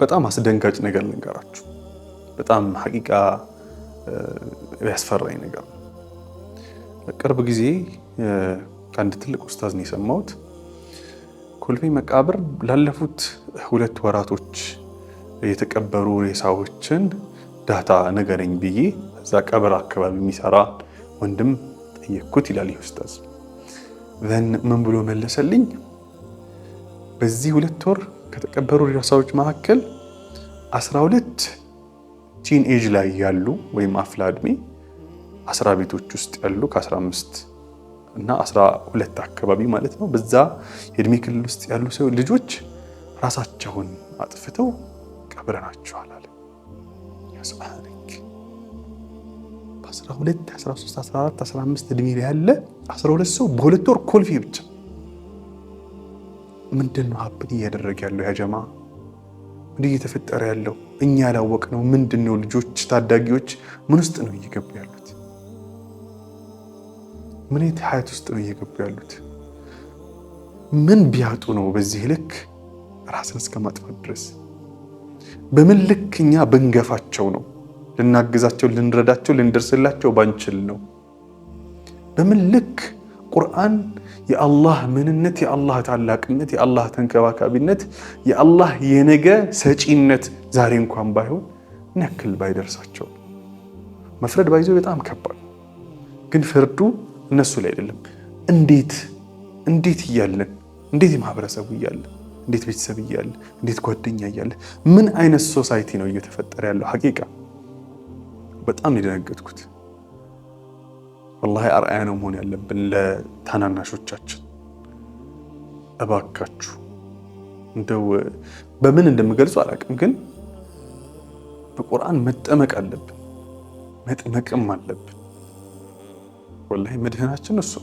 በጣም አስደንጋጭ ነገር ልንገራችሁ። በጣም ሀቂቃ ያስፈራኝ ነገር ቅርብ ጊዜ ከአንድ ትልቅ ኡስታዝ ነው የሰማሁት። ኮልፌ መቃብር ላለፉት ሁለት ወራቶች የተቀበሩ ሬሳዎችን ዳታ ነገረኝ ብዬ እዛ ቀብር አካባቢ የሚሰራ ወንድም ጠየቅኩት ይላል ይህ ኡስታዝ። ምን ብሎ መለሰልኝ? በዚህ ሁለት ወር ከተቀበሩ ሬሳዎች መካከል 12 ቲን ኤጅ ላይ ያሉ ወይም አፍላ እድሜ አስራ ቤቶች ውስጥ ያሉ ከ15 እና 12 አካባቢ ማለት ነው። በዛ የእድሜ ክልል ውስጥ ያሉ ሰው ልጆች ራሳቸውን አጥፍተው ቀብረናቸዋል አለ። በ12 13 14 15 እድሜ ላይ ያለ 12 ሰው በሁለት ወር ኮልፌ ብቻ ምንድን ነው ሀብን እያደረገ ያለው ያጀማ ምን እየተፈጠረ ያለው እኛ ያላወቅ ነው። ምንድን ነው ልጆች ታዳጊዎች ምን ውስጥ ነው እየገቡ ያሉት? ምን የት ሀያት ውስጥ ነው እየገቡ ያሉት? ምን ቢያጡ ነው በዚህ ልክ ራስን እስከ ማጥፋት ድረስ? በምን ልክ እኛ ብንገፋቸው ነው ልናግዛቸው፣ ልንረዳቸው፣ ልንደርስላቸው ባንችል ነው? በምን ልክ ቁርአን የአላህ ምንነት፣ የአላህ ታላቅነት፣ የአላህ ተንከባካቢነት፣ የአላህ የነገ ሰጪነት ዛሬ እንኳን ባይሆን ምን ያክል ባይደርሳቸው መፍረድ ባይዞ በጣም ከባድ ግን ፍርዱ እነሱ ላይ አይደለም። እንዴት እንዴት እያለን እንዴት ማህበረሰቡ እያለ እንዴት ቤተሰብ እያለ እንዴት ጓደኛ እያለ ምን አይነት ሶሳይቲ ነው እየተፈጠረ ያለው? ሀቂቃ በጣም የደነገጥኩት ወላሂ አርአያ ነው መሆን ያለብን ለታናናሾቻችን። እባካችሁ እንደው በምን እንደምገልጹ አላውቅም፣ ግን በቁርአን መጠመቅ አለብን መጥመቅም አለብን። ወላሂ መድህናችን እሱ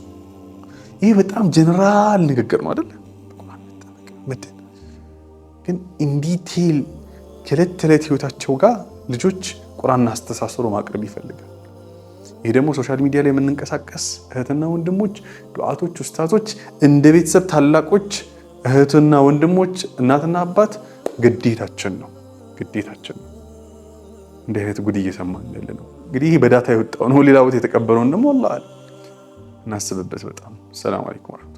ይህ በጣም ጀነራል ንግግር ነው አይደለ? ግን ኢንዲቴል ከዕለት ተዕለት ህይወታቸው ጋር ልጆች ቁርአን አስተሳስሮ ማቅረብ ይፈልጋል። ይህ ደግሞ ሶሻል ሚዲያ ላይ የምንንቀሳቀስ እህትና ወንድሞች፣ ዱዓቶች፣ ውስታዞች እንደ ቤተሰብ ታላቆች እህትና ወንድሞች፣ እናትና አባት ግዴታችን ነው ግዴታችን ነው። እንዲህ አይነት ጉድ እየሰማን ያለ ነው። እንግዲህ ይህ በዳታ የወጣው ነው። ሌላ ቦታ የተቀበረውን ደግሞ አላህ አለ። እናስብበት በጣም። ሰላም አለይኩም